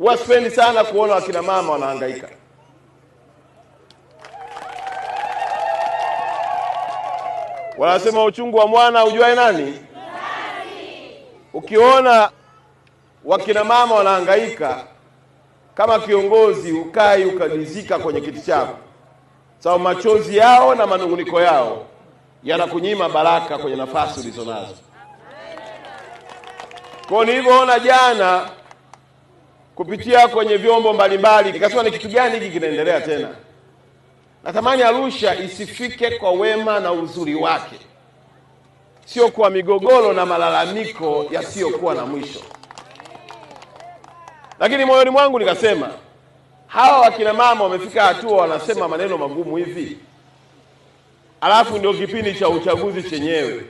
wasipendi sana kuona wakina mama wanahangaika. Wanasema uchungu wa mwana ujuae nani? Ukiona wakina mama wanahangaika, kama kiongozi ukai ukajizika kwenye kiti chako, sababu machozi yao na manunguniko yao yanakunyima baraka kwenye nafasi ulizonazo. Kwa nilivyoona jana kupitia kwenye vyombo mbalimbali, nikasema ni kitu gani hiki kinaendelea tena. Natamani Arusha isifike kwa wema na uzuri wake, sio kwa migogoro na malalamiko yasiyokuwa na mwisho. Lakini moyoni mwangu nikasema hawa wakina mama wamefika hatua wanasema maneno magumu hivi, alafu ndio kipindi cha uchaguzi chenyewe,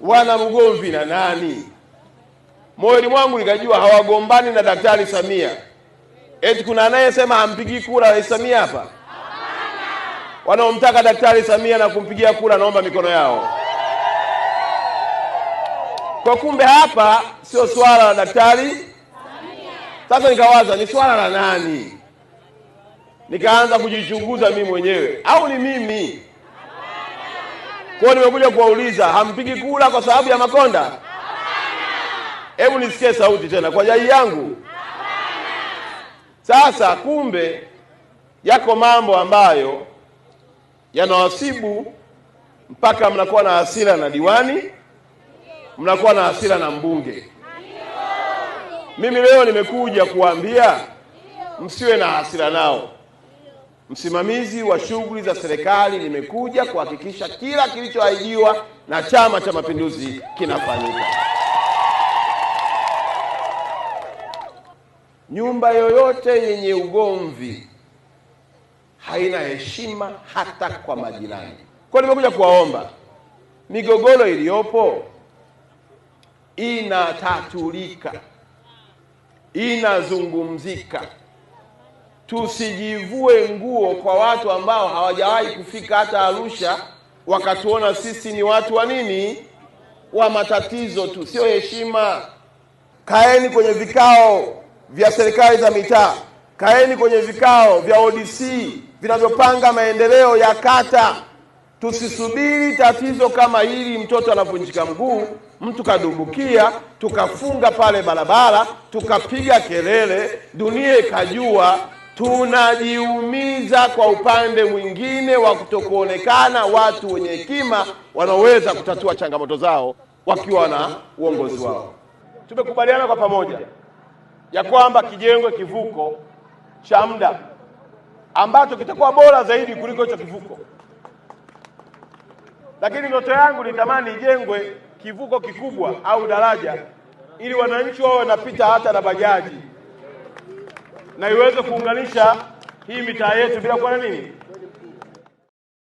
wana mgomvi na nani? moyoni mwangu nikajua hawagombani na Daktari Samia. Eti kuna anayesema hampigii kura Rais Samia hapa? Wanaomtaka Daktari Samia na kumpigia kura, naomba mikono yao. Kwa kumbe hapa sio swala la Daktari sasa nikawaza ni swala la nani? Nikaanza kujichunguza mimi mwenyewe, au ni mimi? Kwa nimekuja kuwauliza, hampigi kura kwa sababu ya Makonda? Hebu nisikie sauti tena kwa jai yangu. Sasa kumbe, yako mambo ambayo yanawasibu mpaka mnakuwa na hasira na diwani, mnakuwa na hasira na mbunge. Mimi leo nimekuja kuambia msiwe na hasira nao. Msimamizi wa shughuli za serikali, nimekuja kuhakikisha kila kilichoahidiwa na Chama cha Mapinduzi kinafanyika. Nyumba yoyote yenye ugomvi haina heshima hata kwa majirani. Kwa nimekuja kuwaomba, migogoro iliyopo inatatulika, inazungumzika. Tusijivue nguo kwa watu ambao hawajawahi kufika hata Arusha wakatuona sisi ni watu wa nini, wa matatizo tu, sio heshima. Kaeni kwenye vikao vya serikali za mitaa, kaeni kwenye vikao vya ODC vinavyopanga maendeleo ya kata. Tusisubiri tatizo kama hili, mtoto anavunjika mguu, mtu kadumbukia, tukafunga pale barabara, tukapiga kelele, dunia ikajua. Tunajiumiza kwa upande mwingine wa kutokuonekana watu wenye hekima wanaoweza kutatua changamoto zao wakiwa na uongozi wao. Tumekubaliana kwa pamoja ya kwamba kijengwe kivuko cha muda ambacho kitakuwa bora zaidi kuliko hicho kivuko, lakini ndoto yangu nitamani ijengwe kivuko kikubwa au daraja ili wananchi wao wanapita hata na bajaji na iweze kuunganisha hii mitaa yetu bila kuwa na nini